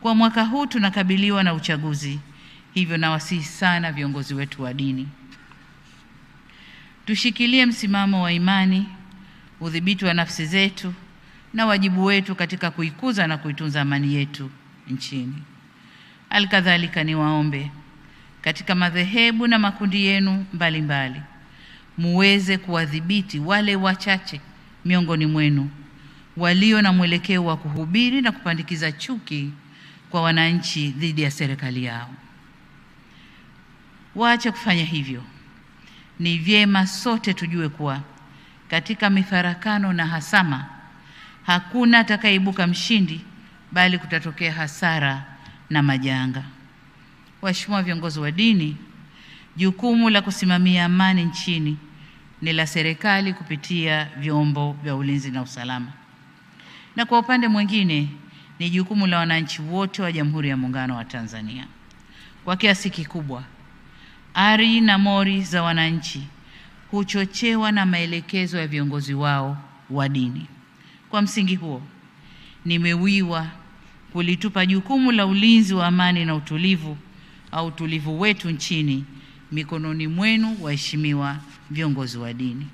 Kwa mwaka huu tunakabiliwa na uchaguzi, hivyo nawasihi sana viongozi wetu wa dini, tushikilie msimamo wa imani, udhibiti wa nafsi zetu na wajibu wetu katika kuikuza na kuitunza amani yetu nchini. Alkadhalika, niwaombe katika madhehebu na makundi yenu mbalimbali muweze kuwadhibiti wale wachache miongoni mwenu walio na mwelekeo wa kuhubiri na kupandikiza chuki kwa wananchi dhidi ya serikali yao. Waache kufanya hivyo. Ni vyema sote tujue kuwa katika mifarakano na hasama hakuna atakayeibuka mshindi, bali kutatokea hasara na majanga. Waheshimiwa viongozi wa dini, jukumu la kusimamia amani nchini ni la serikali kupitia vyombo vya ulinzi na usalama, na kwa upande mwingine ni jukumu la wananchi wote wa Jamhuri ya Muungano wa Tanzania. Kwa kiasi kikubwa, ari na mori za wananchi huchochewa na maelekezo ya viongozi wao wa dini. Kwa msingi huo, nimewiwa kulitupa jukumu la ulinzi wa amani na utulivu au utulivu wetu nchini mikononi mwenu, waheshimiwa viongozi wa dini.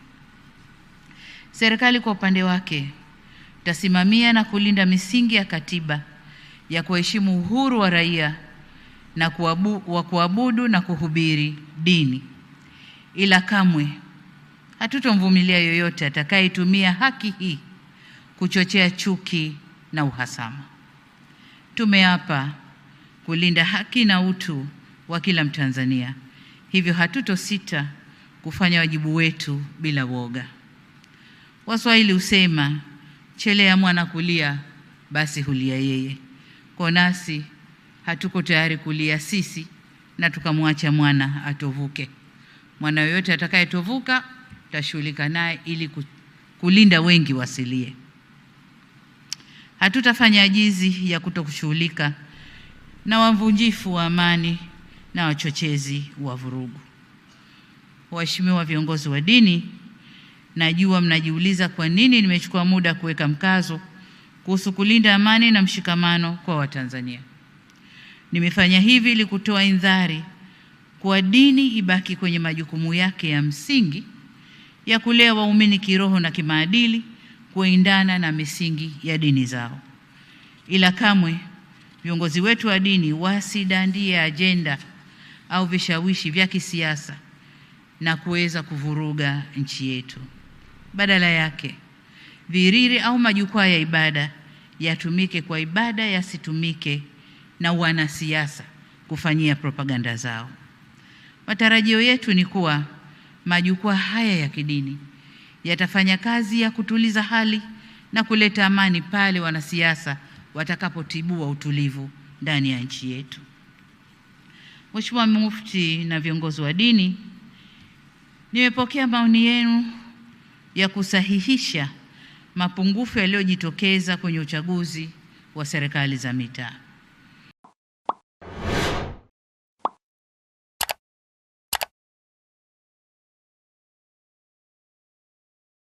Serikali kwa upande wake Tasimamia na kulinda misingi ya katiba ya kuheshimu uhuru wa raia na kuabu, wa kuabudu na kuhubiri dini, ila kamwe hatutomvumilia yoyote atakayetumia haki hii kuchochea chuki na uhasama. Tumeapa kulinda haki na utu wa kila Mtanzania, hivyo hatutosita kufanya wajibu wetu bila woga. Waswahili husema Chelea mwana kulia, basi hulia yeye. Kwa nasi hatuko tayari kulia sisi na tukamwacha mwana atovuke. Mwana yoyote atakayetovuka tashughulika naye ili kulinda wengi wasilie. Hatutafanya ajizi ya kushughulika na wavunjifu wa amani na wachochezi wa vurugu. Waheshimiwa viongozi wa dini Najua mnajiuliza kwa nini nimechukua muda kuweka mkazo kuhusu kulinda amani na mshikamano kwa Watanzania. Nimefanya hivi ili kutoa indhari kuwa dini ibaki kwenye majukumu yake ya msingi ya kulea waumini kiroho na kimaadili kuendana na misingi ya dini zao, ila kamwe viongozi wetu wa dini wasidandie ajenda au vishawishi vya kisiasa na kuweza kuvuruga nchi yetu. Badala yake viriri au majukwaa ya ibada yatumike kwa ibada, yasitumike na wanasiasa kufanyia propaganda zao. Matarajio yetu ni kuwa majukwaa haya ya kidini yatafanya kazi ya kutuliza hali na kuleta amani pale wanasiasa watakapotibua utulivu ndani ya nchi yetu. Mheshimiwa Mufti na viongozi wa dini, nimepokea maoni yenu ya kusahihisha mapungufu yaliyojitokeza kwenye uchaguzi wa serikali za mitaa.